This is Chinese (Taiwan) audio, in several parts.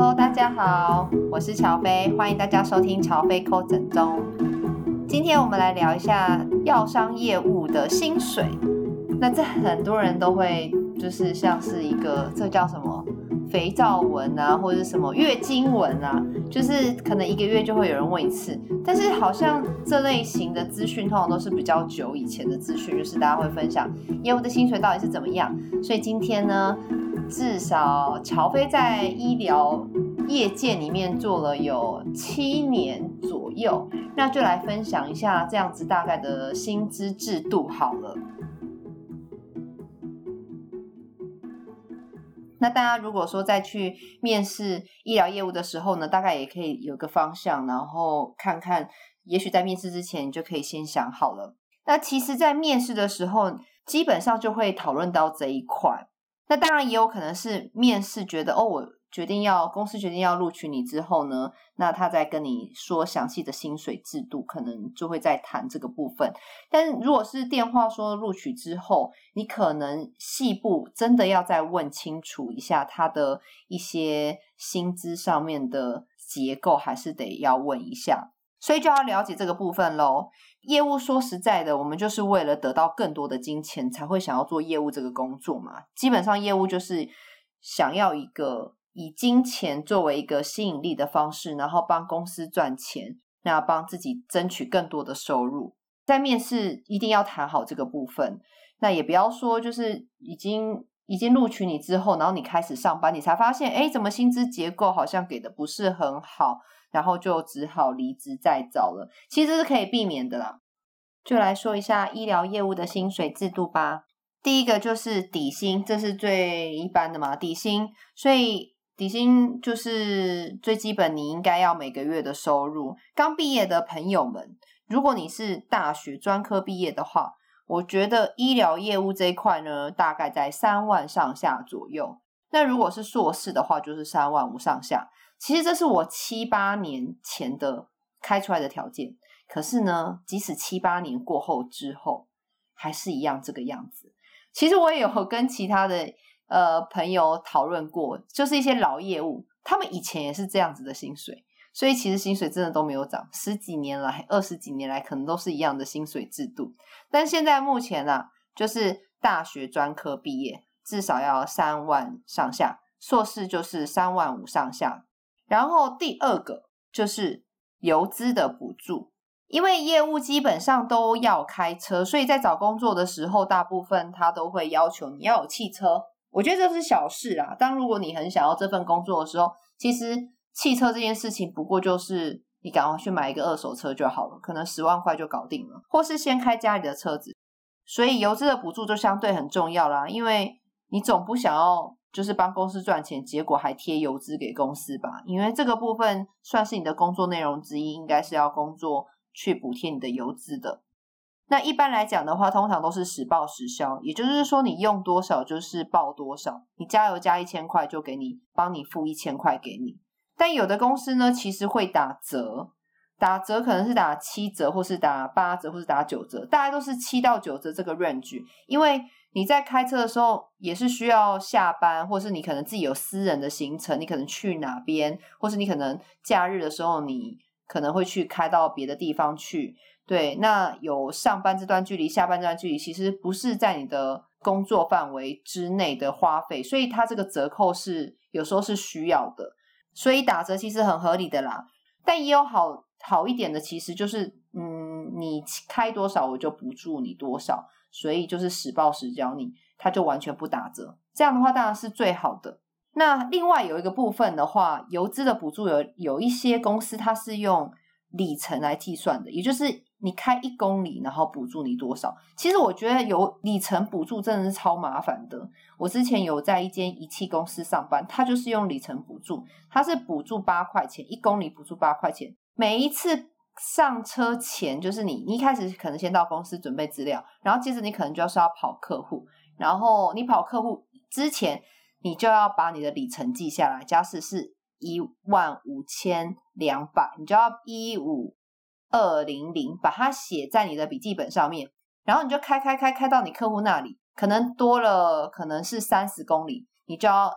Hello，大家好，我是喬飛，歡迎大家收聽喬飛扣診中。今天我們來聊一下藥商業務的薪水，那這很多人都會，就是像是一個，這叫什麼？肥皂文啊，或者是什麼月經文啊，就是可能一個月就會有人問一次。但是好像這類型的資訊通常都是比較久以前的資訊，就是大家會分享業務的薪水到底是怎麼樣。所以今天呢，至少喬飛在醫療業界裡面做了有七年左右，那就來分享一下這樣子大概的薪資制度好了。那大家如果說在去面試醫療業務的時候呢，大概也可以有個方向，然後看看，也許在面試之前你就可以先想好了。那其實，在面試的時候，基本上就會討論到這一塊。那當然也有可能是面試覺得哦。我決定要公司決定要錄取你之後呢，那他再跟你說詳細的薪水制度，可能就會再談這個部分。但如果是電話說錄取之後，你可能細部真的要再問清楚一下，他的一些薪資上面的結構還是得要問一下，所以就要了解這個部分嘍。業務說實在的，我們就是為了得到更多的金錢才會想要做業務這個工作嘛。基本上業務就是想要一個。以金錢作為一個吸引力的方式，然後幫公司賺錢，那幫自己爭取更多的收入，在面試一定要談好這個部分。那也不要說，就是已經已經錄取你之後，然後你開始上班，你才發現，誒，怎麼薪資結構好像給的不是很好，然後就只好離職再找了。其實這是可以避免的啦。就來說一下醫療業務的薪水制度吧。第一個就是底薪，這是最一般的嘛，底薪，所以。底薪就是最基本，你應該要每個月的收入。剛畢業的朋友們，如果你是大學專科畢業的話，我覺得醫療業務這一塊呢，大概在三萬上下左右。那如果是碩士的話，就是三萬五上下。其實這是我七八年前的開出來的條件。可是呢，即使七八年過後之後，還是一樣這個樣子。其實我也有跟其他的。呃，朋友討論過，就是一些老業務，他們以前也是這樣子的薪水，所以其實薪水真的都沒有漲，十幾年來、二十幾年來，可能都是一樣的薪水制度。但現在目前呢、啊，就是大學專科畢業至少要三萬上下，碩士就是三萬五上下。然後第二個就是油資的補助，因為業務基本上都要開車，所以在找工作的時候，大部分他都會要求你要有汽車。我覺得這是小事啊，當如果你很想要這份工作的時候，其實汽車這件事情不過就是你趕快去買一個二手車就好了，可能十萬塊就搞定了，或是先開家裡的車子。所以油資的補助就相對很重要啦，因為你總不想要就是幫公司賺錢，結果還貼油資給公司吧？因為這個部分算是你的工作內容之一，應該是要工作去補貼你的油資的。那一般來講的話，通常都是實報實銷，也就是說你用多少就是報多少。你加油加一千塊，就給你幫你付一千塊給你。但有的公司呢，其實會打折，打折可能是打七折，或是打八折，或是打九折，大概都是七到九折這個 range。因為你在開車的時候也是需要下班，或是你可能自己有私人的行程，你可能去哪邊，或是你可能假日的時候你。可能會去開到別的地方去，對，那有上班這段距離，下班這段距離其實不是在你的工作範圍之內的花費，所以它這個折扣是有時候是需要的，所以打折其實很合理的啦。但也有好好一點的，其實就是嗯，你開多少我就補助你多少，所以就是實報實銷你，你他就完全不打折，這樣的話當然是最好的。那另外有一個部分的話，油資的補助有有一些公司它是用里程來計算的，也就是你開一公里，然後補助你多少。其實我覺得有里程補助真的是超麻煩的。我之前有在一間儀器公司上班，它就是用里程補助，它是補助八塊錢，一公里補助八塊錢。每一次上車前，就是你，你一開始可能先到公司準備資料，然後接着你可能就是要，要跑客戶，然後你跑客戶之前，你就要把你的里程記下來，假設是一萬五千兩百，你就要一五二零零，把它寫在你的筆記本上面。然後你就開開開開到你客戶那裡，可能多了，可能是三十公里，你就要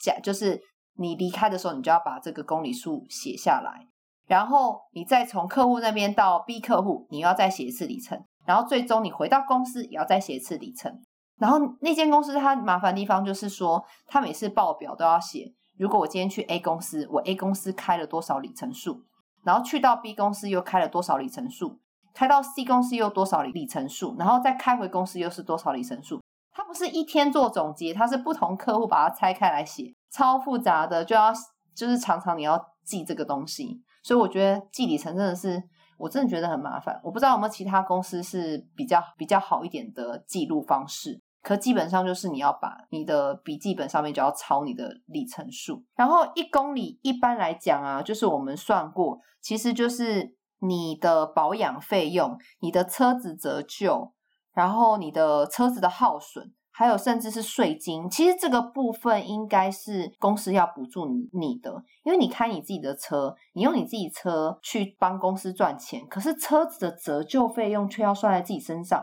講，就是你離開的時候，你就要把這個公里數寫下來。然後你再從客戶那邊到 B 客戶，你又要再寫一次里程。然後最終你回到公司，也要再寫一次里程。然後那間公司它麻煩的地方就是說，它每次報表都要寫。如果我今天去 A 公司，我 A 公司開了多少里程數，然後去到 B 公司又開了多少里程數，開到 C 公司又多少里里程數，然後再開回公司又是多少里程數。它不是一天做總結，它是不同客戶把它拆開來寫，超複雜的，就要就是常常你要記這個東西。所以我覺得記里程真的是，我真的覺得很麻煩。我不知道有沒有其他公司是比較比較好一點的記錄方式。可基本上就是你要把你的筆記本上面就要抄你的里程數，然後一公里一般來講啊，就是我們算過，其實就是你的保養費用、你的車子折舊、然後你的車子的耗損，還有甚至是稅金，其實這個部分應該是公司要補助你你的，因為你開你自己的車，你用你自己車去幫公司賺錢，可是車子的折舊費用卻要算在自己身上。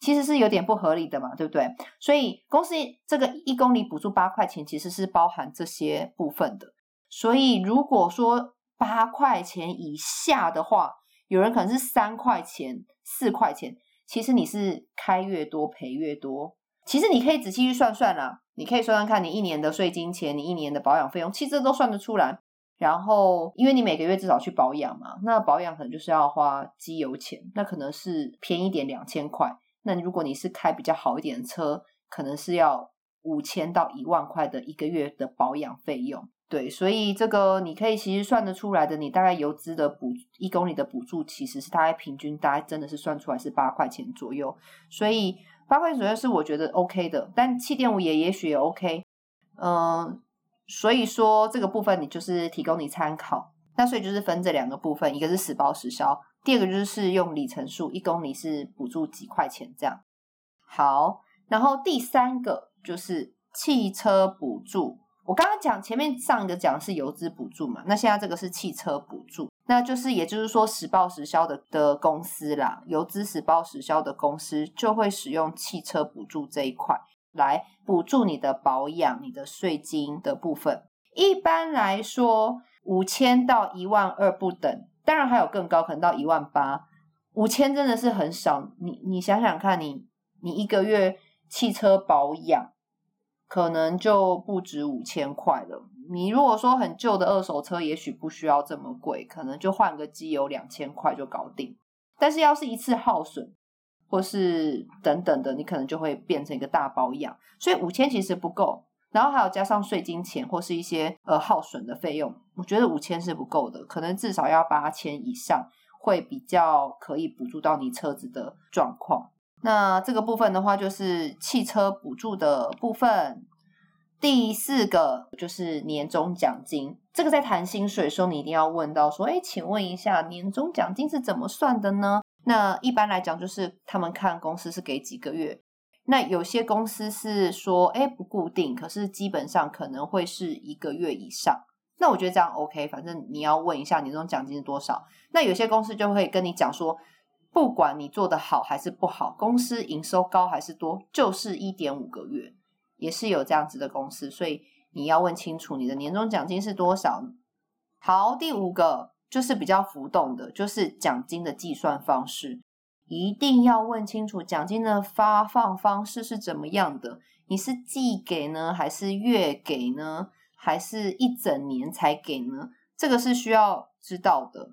其實是有點不合理的嘛，對不對？所以公司這個一公里補助八塊錢，其實是包含這些部分的。所以如果說八塊錢以下的話，有人可能是三塊錢、四塊錢。其實你是開越多賠越多。其實你可以仔細去算算啦，你可以算算看你一年的稅金錢，你一年的保養費用，其實都算得出來。然後因為你每個月至少去保養嘛，那保養可能就是要花機油錢，那可能是便宜一點兩千塊。那如果你是開比較好一點的車，可能是要五千到一萬塊的一個月的保養費用，對，所以這個你可以其實算得出來的，你大概油資的補一公里的補助，其實是大概平均大概真的是算出來是八塊錢左右，所以八塊錢左右是我覺得 OK 的，但七點五也也許也 OK，嗯，所以說這個部分你就是提供你參考，那所以就是分這兩個部分，一個是實報實銷。第二個就是用里程數，一公里是補助幾塊錢這樣。好，然後第三個就是汽車補助。我剛剛講前面上一個講的是油資補助嘛，那現在這個是汽車補助，那就是也就是說實報實銷的的公司啦，油資實報實銷的公司就會使用汽車補助這一塊來補助你的保養、你的稅金的部分。一般來說，五千到一萬二不等。當然還有更高，可能到一萬八，五千真的是很少。你你想想看你，你你一個月汽車保養可能就不止五千塊了。你如果說很舊的二手車，也許不需要這麼貴，可能就換個機油兩千塊就搞定。但是要是一次耗損或是等等的，你可能就會變成一個大保養，所以五千其實不夠。然後還有加上稅金錢或是一些呃耗損的費用，我覺得五千是不夠的，可能至少要八千以上會比較可以補助到你車子的狀況。那這個部分的話就是汽車補助的部分。第四個就是年終獎金，這個在談薪水的時候你一定要問到說，誒，請問一下年終獎金是怎麼算的呢？那一般來講就是他們看公司是給幾個月。那有些公司是說，哎，不固定，可是基本上可能會是一個月以上。那我覺得這樣 OK，反正你要問一下年終獎金是多少。那有些公司就會跟你講說，不管你做得好還是不好，公司營收高還是多，就是一點五個月，也是有這樣子的公司。所以你要問清楚你的年終獎金是多少。好，第五個就是比較浮動的，就是獎金的計算方式。一定要問清楚獎金的發放方式是怎麼樣的？你是季給呢，還是月給呢，還是一整年才給呢？這個是需要知道的。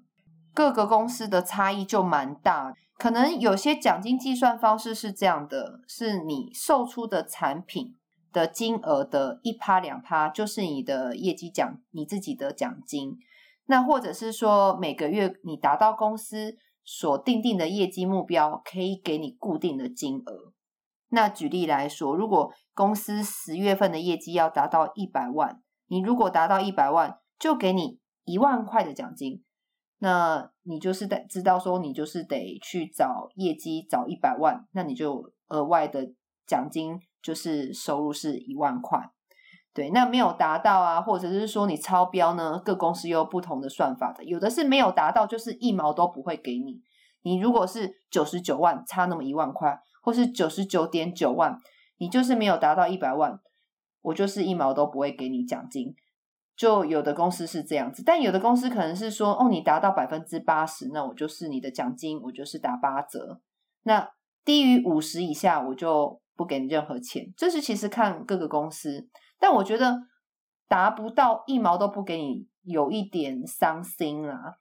各個公司的差異就蠻大，可能有些獎金計算方式是這樣的，是你售出的產品的金額的一趴、兩趴，就是你的業績獎，你自己的獎金。那或者是說，每個月你達到公司。所定定的業績目標可以給你固定的金額。那舉例來說，如果公司十月份的業績要達到一百萬，你如果達到一百萬，就給你一萬塊的獎金。那你就是得知道說你就是得去找業績找一百萬，那你就額外的獎金就是收入是一萬塊。對，那沒有達到啊，或者是說你超標呢？各公司有不同的算法的，有的是沒有達到，就是一毛都不會給你。你如果是九十九萬，差那麼一萬塊，或是九十九點九萬，你就是沒有達到一百萬，我就是一毛都不會給你獎金。就有的公司是這樣子，但有的公司可能是說，哦，你達到百分之八十，那我就是你的獎金，我就是打八折。那低於五十以下，我就不給你任何錢。這是其實看各個公司。但我覺得達不到一毛都不給你，有一點傷心啦，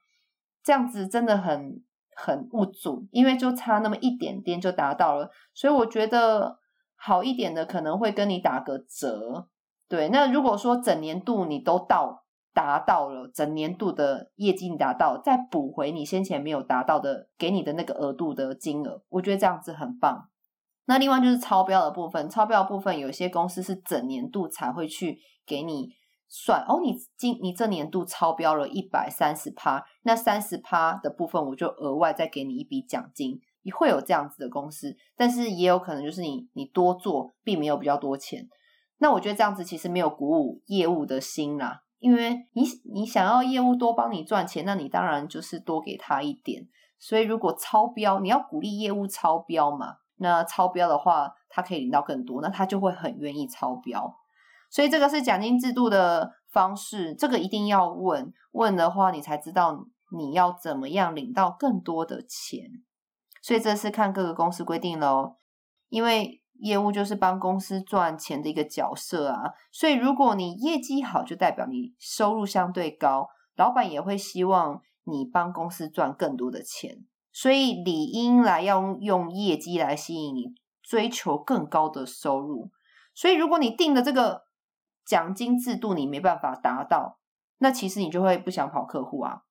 這樣子真的很很不足，因為就差那麼一點點就達到了，所以我覺得好一點的可能會跟你打個折。對，那如果說整年度你都到達到了，整年度的業績達到，再補回你先前沒有達到的給你的那個額度的金額，我覺得這樣子很棒。那另外就是超標的部分，超標的部分有些公司是整年度才會去給你算哦你，你今你這年度超標了一百三十趴，那三十趴的部分我就額外再給你一筆獎金，你會有這樣子的公司，但是也有可能就是你你多做並沒有比較多錢，那我覺得這樣子其實沒有鼓舞業務的心啦，因為你你想要業務多幫你賺錢，那你當然就是多給他一點，所以如果超標，你要鼓勵業務超標嘛。那超標的話，他可以領到更多，那他就會很願意超標，所以這個是獎金制度的方式，這個一定要問問的話，你才知道你要怎麼樣領到更多的錢。所以這是看各個公司規定嘍，因為業務就是幫公司賺錢的一個角色啊，所以如果你業績好，就代表你收入相對高，老闆也會希望你幫公司賺更多的錢。所以理應來要用業績來吸引你，追求更高的收入。所以如果你定的這個獎金制度你沒辦法達到，那其實你就會不想跑客戶啊。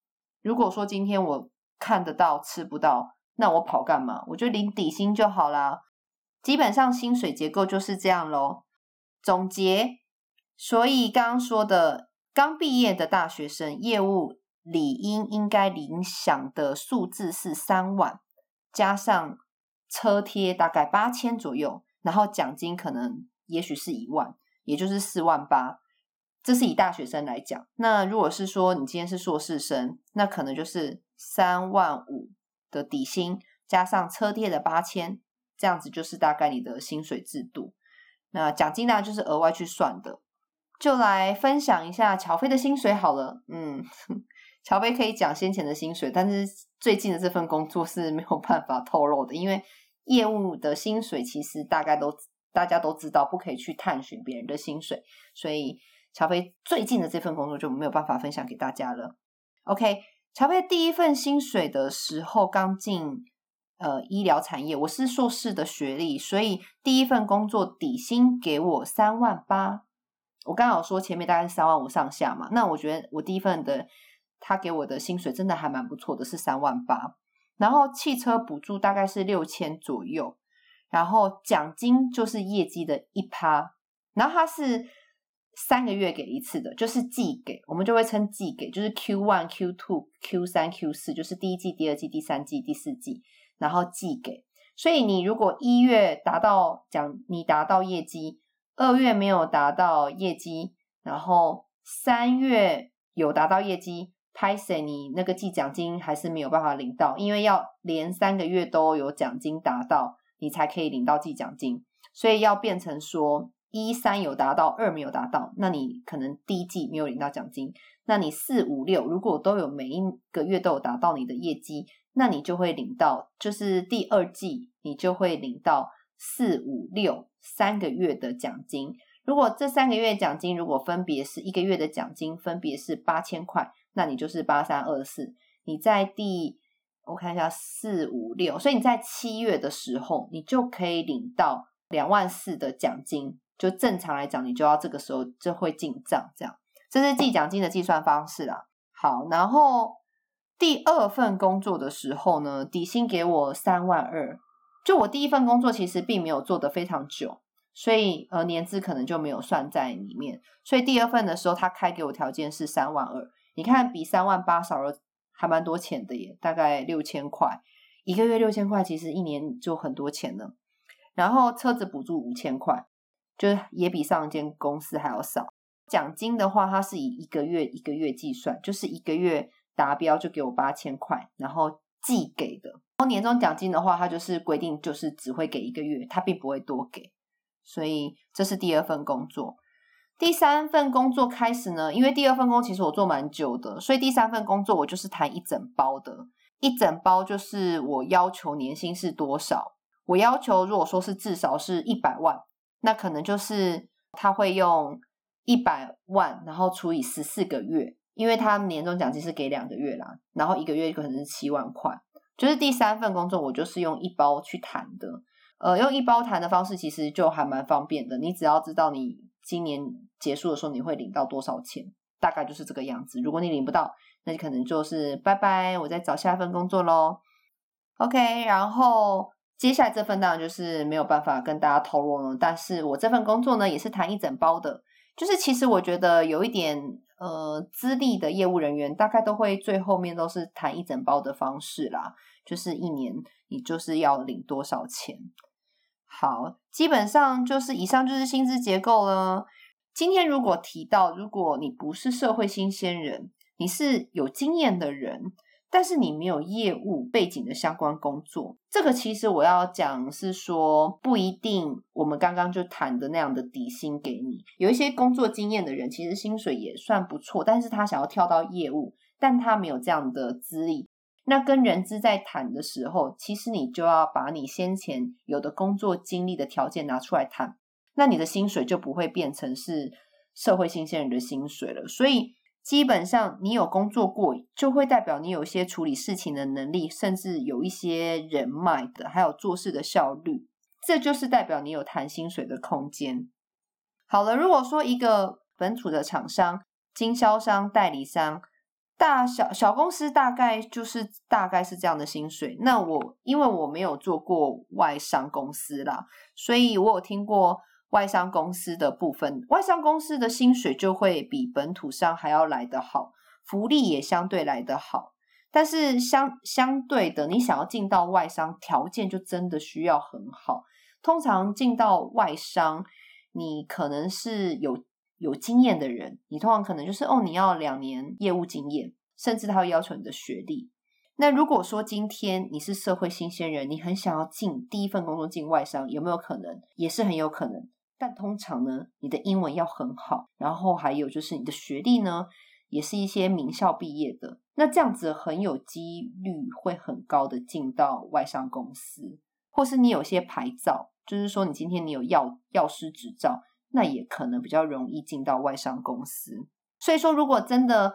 如果說今天我看得到吃不到，那我跑幹嘛？我就領底薪就好啦。基本上薪水結構就是這樣咯，總結，所以剛剛說的剛畢業的大學生業務。理應應該領餉的數字是三萬，加上車貼大概八千左右，然後獎金可能也許是一萬，也就是四萬八。這是以大學生來講，那如果是說你今天是碩士生，那可能就是三萬五的底薪，加上車貼的八千，這樣子就是大概你的薪水制度。那獎金呢就是額外去算的，就來分享一下喬飛的薪水好了，嗯。喬飛可以講先前的薪水，但是最近的這份工作是沒有辦法透露的，因為業務的薪水其實大概都大家都知道，不可以去探尋別人的薪水，所以喬飛最近的這份工作就沒有辦法分享給大家了。OK，喬飛第一份薪水的時候剛進呃醫療產業，我是碩士的學歷，所以第一份工作底薪給我三萬八，我剛好說前面大概是三萬五上下嘛，那我覺得我第一份的。他給我的薪水真的還蠻不錯的，是三萬八，然後汽車補助大概是六千左右，然後獎金就是業績的一趴，然後他是三個月給一次的，就是季給，我們就會稱季給，就是 Q one、Q two、Q 三、Q 四，就是第一季、第二季、第三季、第四季，然後季給，所以你如果一月達到獎，你達到業績，二月沒有達到業績，然後三月有達到業績。拍水，你那個季獎金還是沒有辦法領到，因為要連三個月都有獎金達到，你才可以領到季獎金。所以要變成說，一三有達到，二沒有達到，那你可能第一季沒有領到獎金。那你四五六如果都有每一個月都有達到你的業績，那你就會領到，就是第二季你就會領到四五六三個月的獎金。如果這三個月獎金如果分別是一個月的獎金分別是八千塊。那你就是八三二四，你在第我看一下四五六，4, 5, 6, 所以你在七月的時候，你就可以領到兩萬四的獎金。就正常來講，你就要這個時候就會進賬，這樣這是計獎金的計算方式啦。好，然後第二份工作的時候呢，底薪給我三萬二。就我第一份工作其實並沒有做得非常久，所以呃年資可能就沒有算在裡面，所以第二份的時候，他開給我條件是三萬二。你看，比三萬八少了，還蠻多錢的耶，大概六千塊，一個月六千塊，其實一年就很多錢了。然後車子補助五千塊，就是也比上一間公司還要少。獎金的話，它是以一個月一個月計算，就是一個月達標就給我八千塊，然後季給的。然後年終獎金的話，它就是規定就是只會給一個月，它並不會多給，所以這是第二份工作。第三份工作開始呢，因為第二份工其實我做蠻久的，所以第三份工作我就是談一整包的，一整包就是我要求年薪是多少，我要求如果說是至少是一百萬，那可能就是他會用一百萬，然後除以十四個月，因為他年終獎金是給兩個月啦，然後一個月可能是七萬塊，就是第三份工作我就是用一包去談的，呃，用一包談的方式其實就還蠻方便的，你只要知道你。今年結束的時候你會領到多少錢？大概就是這個樣子。如果你領不到，那你可能就是拜拜，我再找下一份工作咯。OK，然後接下來這份當然就是沒有辦法跟大家透露了。但是我這份工作呢，也是談一整包的。就是其實我覺得有一點呃，資歷的業務人員大概都會最後面都是談一整包的方式啦，就是一年你就是要領多少錢。好，基本上就是以上就是薪資結構了。今天如果提到，如果你不是社會新鮮人，你是有經驗的人，但是你沒有業務背景的相關工作，這個其實我要講是說，不一定我們剛剛就談的那樣的底薪給你。有一些工作經驗的人，其實薪水也算不錯，但是他想要跳到業務，但他沒有這樣的資歷。那跟人資在談的時候，其實你就要把你先前有的工作經歷的條件拿出來談，那你的薪水就不會變成是社會新鮮人的薪水了。所以基本上你有工作過，就會代表你有一些處理事情的能力，甚至有一些人脈的，還有做事的效率，這就是代表你有談薪水的空間。好了，如果說一個本土的廠商、經銷商、代理商。大小小公司大概就是大概是這樣的薪水。那我因為我沒有做過外商公司啦，所以我有聽過外商公司的部分。外商公司的薪水就會比本土商還要來得好，福利也相對來得好。但是相相對的，你想要進到外商，條件就真的需要很好。通常進到外商，你可能是有。有經驗的人，你通常可能就是哦，你要兩年業務經驗，甚至他會要求你的學歷。那如果說今天你是社會新鮮人，你很想要進第一份工作進外商，有沒有可能？也是很有可能。但通常呢，你的英文要很好，然後還有就是你的學歷呢，也是一些名校畢業的。那這樣子很有幾率會很高的進到外商公司，或是你有一些牌照，就是說你今天你有藥藥師執照。那也可能比較容易進到外商公司，所以說如果真的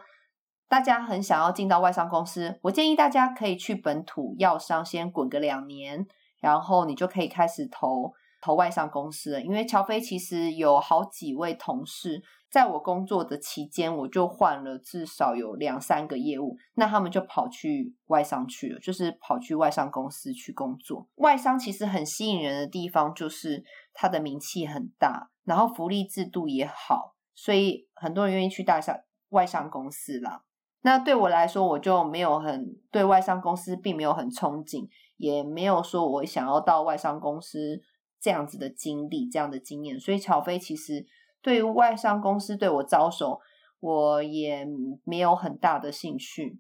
大家很想要進到外商公司，我建議大家可以去本土藥商先滾個兩年，然後你就可以開始投投外商公司了。因為喬飛其實有好幾位同事，在我工作的期間，我就換了至少有兩三個業務，那他們就跑去外商去了，就是跑去外商公司去工作。外商其實很吸引人的地方就是他的名氣很大。然後福利制度也好，所以很多人願意去大小外商公司啦。那對我來說，我就沒有很對外商公司，並沒有很憧憬，也沒有說我想要到外商公司這樣子的經歷、這樣的經驗。所以，喬飛其實對外商公司對我招手，我也沒有很大的興趣。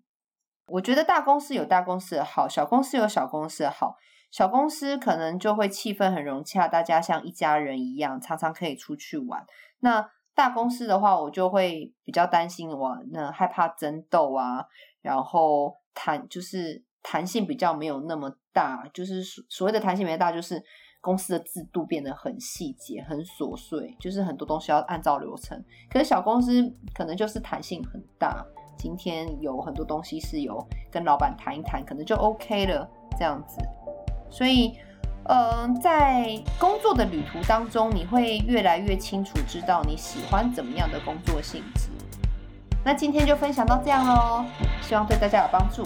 我覺得大公司有大公司的好，小公司有小公司的好。小公司可能就會氣氛很融洽，大家像一家人一樣，常常可以出去玩。那大公司的話，我就會比較擔心，我那害怕爭鬥啊，然後彈就是彈性比較沒有那麼大。就是所謂的彈性沒大，就是公司的制度變得很細節、很瑣碎，就是很多東西要按照流程。可是小公司可能就是彈性很大，今天有很多東西是由跟老板談一談，可能就 OK 了，這樣子。所以，嗯、呃，在工作的旅途當中，你會越來越清楚知道你喜歡怎麼樣的工作性質。那今天就分享到這樣嘍、哦，希望對大家有幫助。